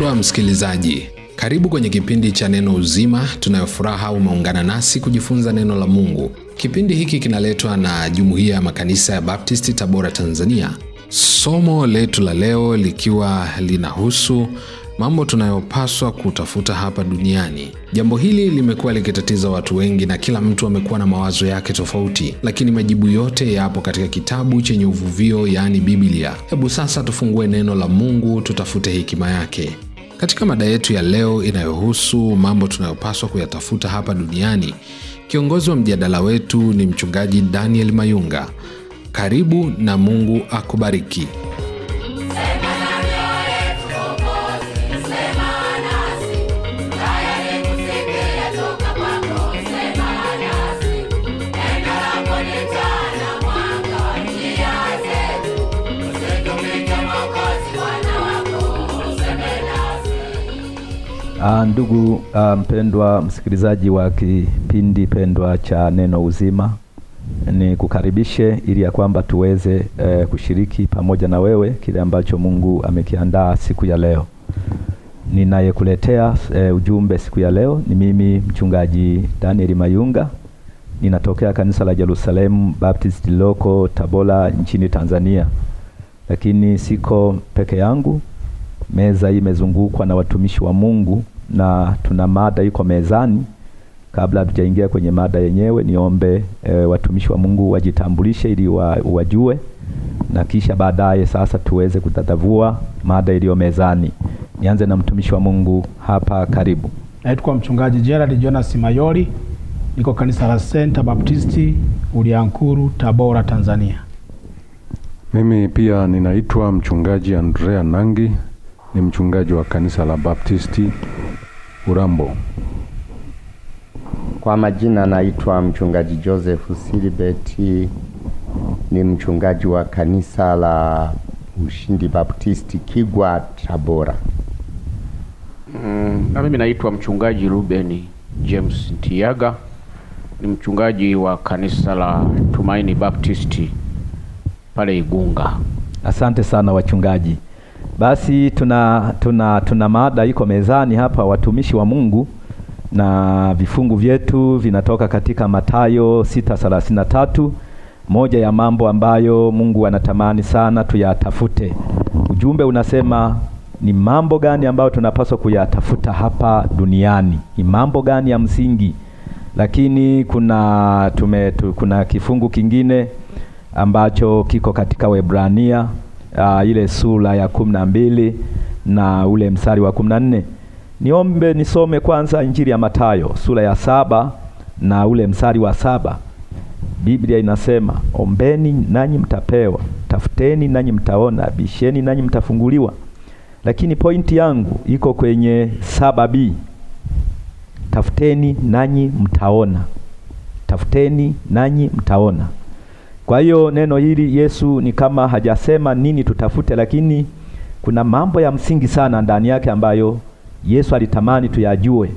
Mpendwa msikilizaji, karibu kwenye kipindi cha Neno Uzima. Tunayofuraha umeungana nasi kujifunza neno la Mungu. Kipindi hiki kinaletwa na Jumuiya ya Makanisa ya Baptisti, Tabora, Tanzania. Somo letu la leo likiwa linahusu mambo tunayopaswa kutafuta hapa duniani. Jambo hili limekuwa likitatiza watu wengi na kila mtu amekuwa na mawazo yake tofauti, lakini majibu yote yapo katika kitabu chenye uvuvio, yaani Biblia. Hebu sasa tufungue neno la Mungu, tutafute hekima yake. Katika mada yetu ya leo inayohusu mambo tunayopaswa kuyatafuta hapa duniani, kiongozi wa mjadala wetu ni Mchungaji Daniel Mayunga. Karibu na Mungu akubariki. Uh, ndugu uh, mpendwa msikilizaji wa kipindi pendwa cha Neno Uzima, ni kukaribishe ili ya kwamba tuweze uh, kushiriki pamoja na wewe kile ambacho Mungu amekiandaa siku ya leo. Ninayekuletea uh, ujumbe siku ya leo ni mimi mchungaji Daniel Mayunga, ninatokea kanisa la Jerusalemu Baptist liloko Tabora nchini Tanzania, lakini siko peke yangu Meza hii imezungukwa na watumishi wa Mungu na tuna mada iko mezani. Kabla hatujaingia kwenye mada yenyewe, niombe e, watumishi wa Mungu wajitambulishe ili wa, wajue na kisha baadaye sasa tuweze kutatavua mada iliyo mezani. Nianze na mtumishi wa Mungu hapa karibu. Naitwa mchungaji Gerald Jonas Mayori, niko kanisa la Senta Baptisti Uliankuru, Tabora, Tanzania. Mimi pia ninaitwa mchungaji Andrea Nangi ni mchungaji wa kanisa la Baptisti Urambo. Kwa majina naitwa mchungaji Joseph Silibeti, ni mchungaji wa kanisa la Ushindi Baptisti Kigwa, Tabora. Mm, na mimi naitwa mchungaji Ruben James Ntiyaga, ni mchungaji wa kanisa la Tumaini Baptisti pale Igunga. Asante sana wachungaji. Basi tuna, tuna, tuna mada iko mezani hapa, watumishi wa Mungu, na vifungu vyetu vinatoka katika Mathayo 6:33, moja ya mambo ambayo Mungu anatamani sana tuyatafute. Ujumbe unasema ni mambo gani ambayo tunapaswa kuyatafuta hapa duniani? Ni mambo gani ya msingi? Lakini kuna, tume, tu, kuna kifungu kingine ambacho kiko katika Waebrania uh, ile sura ya kumi na mbili na ule msari wa kumi na nne. Niombe nisome kwanza Injili ya matayo sura ya saba na ule msari wa saba. Biblia inasema, ombeni nanyi mtapewa, tafuteni nanyi mtaona, bisheni nanyi mtafunguliwa. Lakini pointi yangu iko kwenye saba b, tafuteni nanyi mtaona, tafuteni nanyi mtaona. Kwa hiyo neno hili Yesu ni kama hajasema nini tutafute, lakini kuna mambo ya msingi sana ndani yake ambayo Yesu alitamani tuyajue.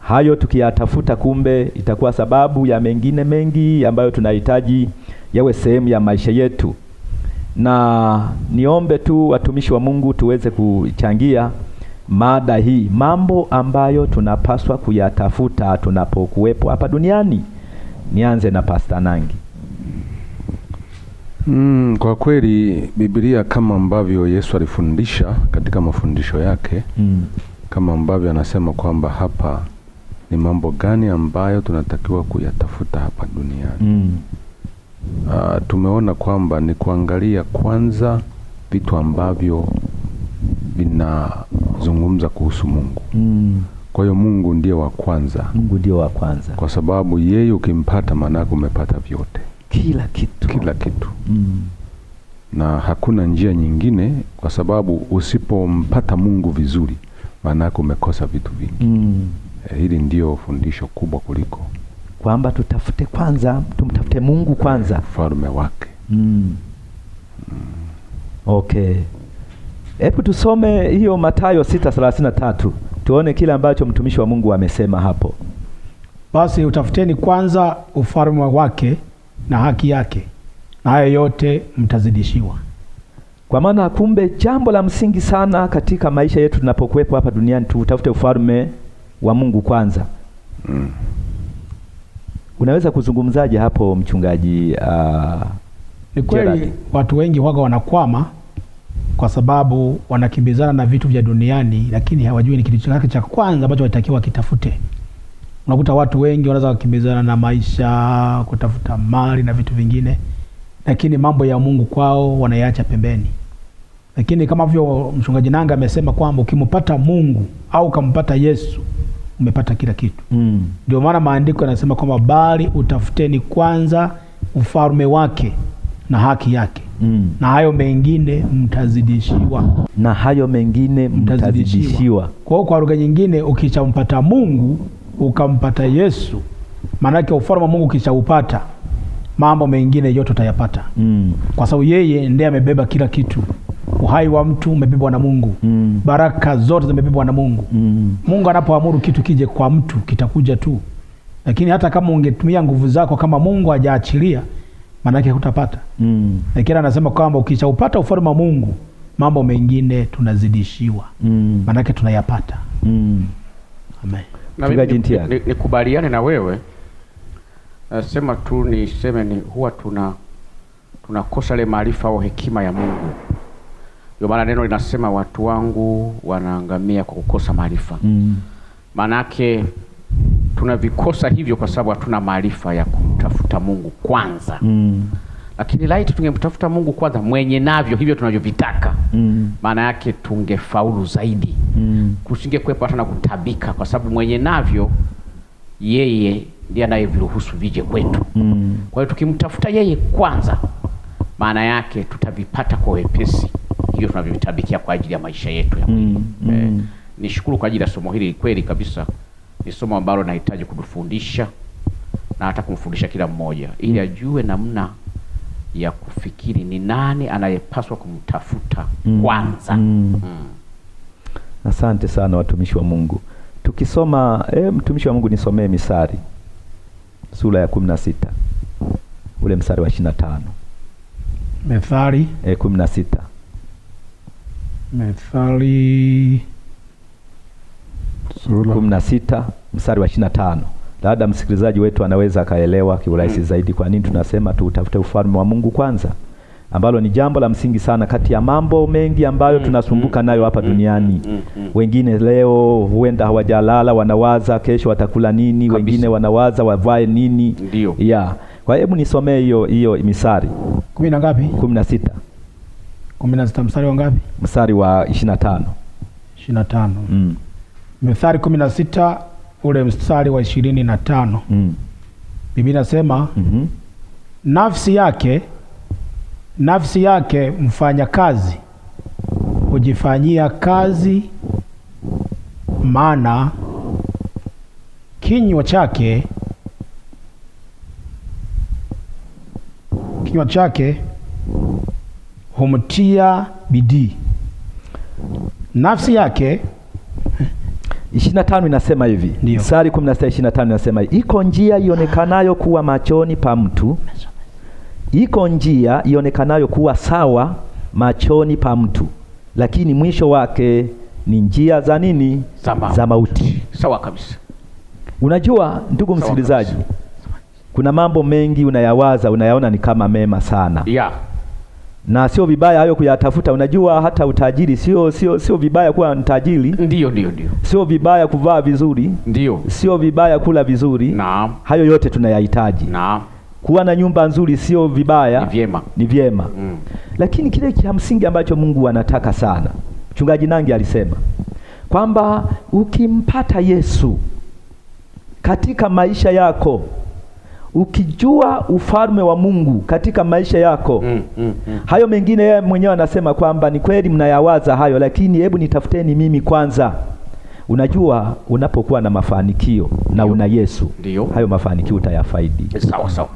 Hayo tukiyatafuta, kumbe itakuwa sababu ya mengine mengi ambayo tunahitaji yawe sehemu ya maisha yetu. Na niombe tu watumishi wa Mungu tuweze kuchangia mada hii, mambo ambayo tunapaswa kuyatafuta tunapokuwepo hapa duniani. Nianze na Pasta Nangi. Mm, kwa kweli Biblia kama ambavyo Yesu alifundisha katika mafundisho yake mm. kama ambavyo anasema kwamba hapa ni mambo gani ambayo tunatakiwa kuyatafuta hapa duniani mm. Uh, tumeona kwamba ni kuangalia kwanza vitu ambavyo vinazungumza kuhusu Mungu mm. Kwa hiyo Mungu ndiye wa kwanza. Mungu ndiye wa kwanza, kwa sababu yeye ukimpata, maanake umepata vyote kila kitu, kila kitu. Mm. Na hakuna njia nyingine, kwa sababu usipompata Mungu vizuri, maanake umekosa vitu vingi. Mm. E, hili ndio fundisho kubwa kuliko kwamba tutafute kwanza, tumtafute Mungu kwanza, ufalme wake. Mm. Mm. Okay. Hebu tusome hiyo Mathayo 6:33 tuone kile ambacho mtumishi wa Mungu amesema hapo. Basi utafuteni kwanza ufalme wake na haki yake, na haya yote mtazidishiwa. Kwa maana kumbe jambo la msingi sana katika maisha yetu tunapokuwepo hapa duniani, tutafute ufalme wa Mungu kwanza. mm. Unaweza kuzungumzaje hapo mchungaji? Uh, ni kweli watu wengi waga wanakwama kwa sababu wanakimbizana na vitu vya duniani, lakini hawajui ni kitu chake cha kwanza ambacho watakiwa kitafute unakuta watu wengi wanaweza kukimbizana na maisha, kutafuta mali na vitu vingine, lakini mambo ya Mungu kwao wanayaacha pembeni. Lakini kama vile mchungaji Nanga amesema kwamba ukimpata Mungu au ukampata Yesu umepata kila kitu. Mm. Ndio mm. maana maandiko yanasema kwamba bali utafuteni kwanza ufalme wake na haki yake mm. na hayo mengine mtazidishiwa, na hayo mengine mtazidishiwa. Kwa hiyo kwa lugha nyingine, ukishampata Mungu ukampata Yesu, maanake ufalme wa Mungu kishaupata mambo mengine yote utayapata mm. kwa sababu yeye ndiye amebeba kila kitu. Uhai wa mtu umebebwa na Mungu mm. baraka zote zimebebwa na Mungu mm. Mungu anapoamuru kitu kije kwa mtu kitakuja tu, lakini hata kama ungetumia nguvu zako, kama Mungu hajaachilia, maanake hutapata mm. Lakini anasema kwamba ukishaupata ufalme wa Mungu mambo mengine tunazidishiwa mm. tunayapata mm. Amen. Nikubaliane ni, ni na wewe nasema eh, tu niseme ni huwa tuna tunakosa ile maarifa au hekima ya Mungu. Ndio maana neno linasema watu wangu wanaangamia kwa kukosa maarifa. Mm. Maanake mm. tunavikosa hivyo kwa sababu hatuna maarifa ya kumtafuta Mungu kwanza mm. Lakini laiti tungemtafuta Mungu kwanza mwenye navyo hivyo tunavyovitaka, mm. maana mm. yake tungefaulu zaidi mm. kusinge kusingekuwepo hata na kutabika, kwa sababu mwenye navyo yeye ndiye anayeviruhusu vije kwetu mm. Kwa hiyo tukimtafuta yeye kwanza, maana yake tutavipata kwa wepesi, hiyo tunavyotabikia kwa ajili ya maisha yetu ya mwili mm. mm. Eh, nishukuru kwa ajili ya somo hili, kweli kabisa ni somo ambalo nahitaji kudufundisha na hata kumfundisha kila mmoja ili mm. ajue namna ya kufikiri ni nani anayepaswa kumtafuta mm. kwanza mm. Mm. Asante sana watumishi wa Mungu. Tukisoma e, mtumishi wa Mungu nisomee misari sura ya kumi na sita ule msari wa ishirini na tano Methali e, eh, kumi na sita Methali kumi na sita msari wa ishirini na tano Labda msikilizaji wetu anaweza akaelewa kiurahisi hmm. zaidi kwa nini tunasema tuutafute ufalme wa Mungu kwanza ambalo ni jambo la msingi sana kati ya mambo mengi ambayo mm, tunasumbuka mm, nayo hapa mm, duniani. Wengine leo huenda hawajalala, wanawaza kesho watakula nini, kabisa. Wengine wanawaza wavae nini. Ndio. ya Kwa hebu nisomee hiyo hiyo misari kumi na ngapi? kumi na sita. Kumi na sita mstari wa ngapi? Mstari wa ishirini na tano. Ishirini na tano. Mm. Mithali kumi na sita ule mstari wa ishirini na tano. Mm. Biblia inasema mm -hmm. nafsi yake nafsi yake mfanya kazi hujifanyia kazi, maana kinywa chake kinywa chake humtia bidii nafsi yake. Ishirini na tano inasema hivi, Mstari 16 25 inasema hivi, iko njia ionekanayo kuwa machoni pa mtu iko njia ionekanayo kuwa sawa machoni pa mtu, lakini mwisho wake ni njia za nini? Za mauti. Sawa kabisa. Unajua ndugu msikilizaji, kuna mambo mengi unayawaza, unayaona ni kama mema sana yeah. Na sio vibaya hayo kuyatafuta. Unajua hata utajiri sio sio sio vibaya kuwa mtajiri, ndio ndio ndio, sio vibaya kuvaa vizuri, ndio, sio vibaya kula vizuri. Naam, hayo yote tunayahitaji. Naam kuwa na nyumba nzuri sio vibaya, ni vyema, ni vyema. Mm. Lakini kile cha msingi ambacho Mungu anataka sana, mchungaji Nangi alisema kwamba ukimpata Yesu katika maisha yako, ukijua ufalme wa Mungu katika maisha yako mm, mm, mm. hayo mengine yeye mwenyewe anasema kwamba ni kweli mnayawaza hayo, lakini hebu nitafuteni mimi kwanza. Unajua, unapokuwa na mafanikio na una Yesu, hayo mafanikio utayafaidi. Sawa sawa.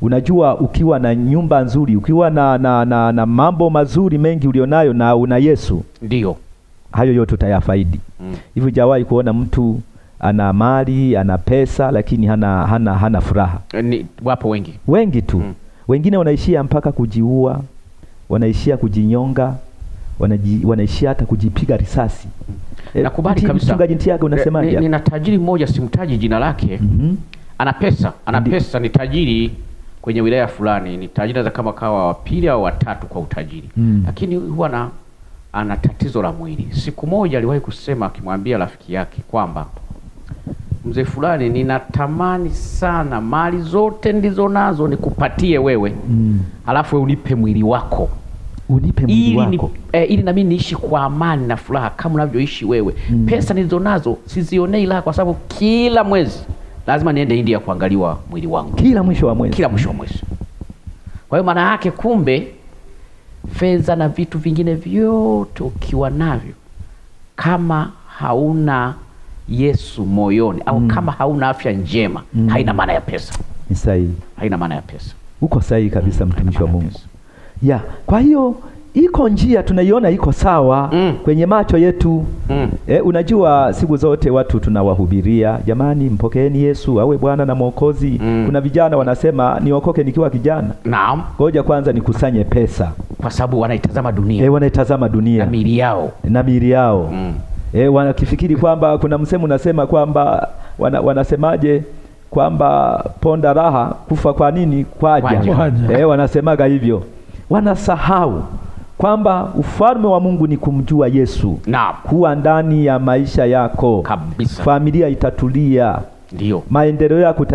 Unajua, ukiwa na nyumba nzuri, ukiwa na, na, na, na mambo mazuri mengi ulionayo na una Yesu, ndio hayo yote utayafaidi. Mm. jawahi kuona mtu ana mali ana pesa lakini hana, hana, hana furaha? Eh, ni, wapo wengi wengi tu. Mm. Wengine wanaishia mpaka kujiua, wanaishia kujinyonga, wanaji, wanaishia hata kujipiga risasi. Mm. Eh, Nakubali kabisa. Mchungaji Ntiaga, eh, unasemaje? Nina tajiri mmoja simtaji jina lake. Mm -hmm. Ana pesa, ana pesa ni tajiri kwenye wilaya fulani ni tajiri kama kawa wa pili au watatu kwa utajiri mm. Lakini huwa na ana tatizo la mwili. Siku moja aliwahi kusema akimwambia rafiki yake kwamba mzee fulani, ninatamani sana mali zote ndizo nazo nikupatie wewe mm. Alafu we unipe mwili wako unipe mwili ili wako ni, eh, ili nami niishi kwa amani na furaha kama unavyoishi wewe mm. Pesa nilizo nazo sizionei raha, kwa sababu kila mwezi lazima niende India kuangaliwa mwili wangu kila mwisho wa mwezi, kila mwisho wa mwezi. Kwa hiyo maana yake kumbe, fedha na vitu vingine vyote ukiwa navyo, kama hauna Yesu moyoni au mm. kama hauna afya njema mm. haina maana ya pesa. Ni sahihi, haina maana ya pesa. Uko sahihi kabisa, mtumishi wa Mungu. Ya, kwa hiyo iko njia tunaiona iko sawa mm. kwenye macho yetu mm. E, unajua siku zote watu tunawahubiria, jamani, mpokeeni Yesu awe Bwana na Mwokozi mm. Kuna vijana wanasema niokoke nikiwa kijana. Naam, ngoja kwanza nikusanye pesa, kwa sababu wanaitazama dunia e, wanaitazama dunia na mili yao, na mili yao. Mm. E, wanakifikiri kwamba kuna msemo unasema kwamba wana, wanasemaje kwamba ponda raha kufa kwa nini kwaja, kwaja. E, wanasemaga hivyo wanasahau kwamba ufalme wa Mungu ni kumjua Yesu na kuwa ndani ya maisha yako kabisa. Familia itatulia, ndio maendeleo yako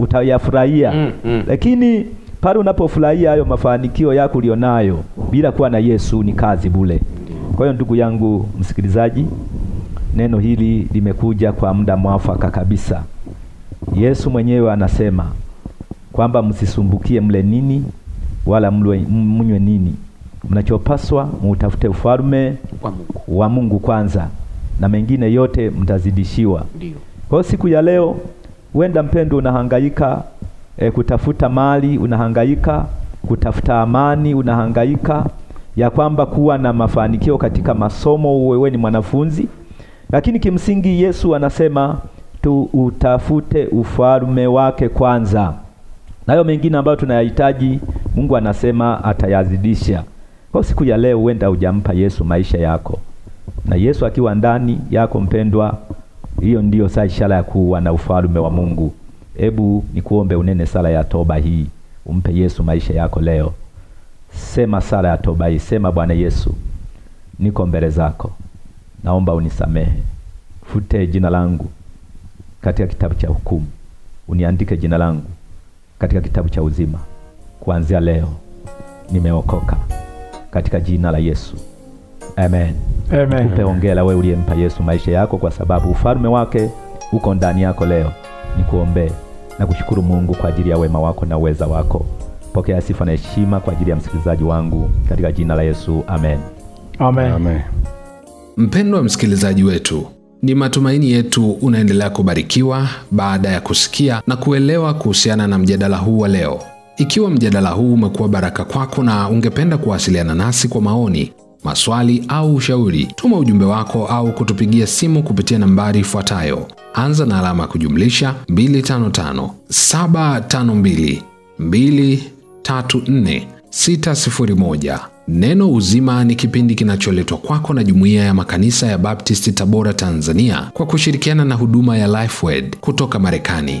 utayafurahia. mm, mm. Lakini pale unapofurahia hayo mafanikio yako ulionayo bila kuwa na Yesu ni kazi bure. Kwa hiyo ndugu yangu msikilizaji, neno hili limekuja kwa muda mwafaka kabisa. Yesu mwenyewe anasema kwamba msisumbukie mle nini wala mnywe nini mnachopaswa muutafute ufalme wa Mungu, wa Mungu kwanza na mengine yote mtazidishiwa. Ndio. Kwa siku ya leo wenda mpendo, unahangaika e, kutafuta mali, unahangaika kutafuta amani, unahangaika ya kwamba kuwa na mafanikio katika masomo, wewe ni mwanafunzi, lakini kimsingi Yesu anasema tu utafute ufalme wake kwanza, nayo mengine ambayo tunayahitaji Mungu anasema atayazidisha. Kwa siku ya leo uenda hujampa Yesu maisha yako, na Yesu akiwa ndani yako, mpendwa, hiyo ndiyo saa ishara ya kuwa na ufalme wa Mungu. ebu nikuombe unene sala ya toba hii, umpe Yesu maisha yako leo. Sema sala ya toba hii, sema: Bwana Yesu, niko mbele zako, naomba unisamehe, fute jina langu katika kitabu cha hukumu, uniandike jina langu katika kitabu cha uzima. Kuanzia leo nimeokoka katika jina la Yesu. Amen. Amen. Upe hongera wewe uliyempa Yesu maisha yako, kwa sababu ufalme wake uko ndani yako. Leo nikuombee na kushukuru Mungu kwa ajili ya wema wako na uweza wako. Pokea sifa na heshima kwa ajili ya msikilizaji wangu katika jina la Yesu. Amen. Amen. Amen. Mpendwa msikilizaji wetu, ni matumaini yetu unaendelea kubarikiwa baada ya kusikia na kuelewa kuhusiana na mjadala huu wa leo. Ikiwa mjadala huu umekuwa baraka kwako na ungependa kuwasiliana nasi kwa maoni, maswali au ushauri, tuma ujumbe wako au kutupigia simu kupitia nambari ifuatayo: anza na alama ya kujumlisha 255 752 234 601. Neno Uzima ni kipindi kinacholetwa kwako na Jumuiya ya Makanisa ya Baptisti Tabora, Tanzania, kwa kushirikiana na huduma ya Lifewed kutoka Marekani.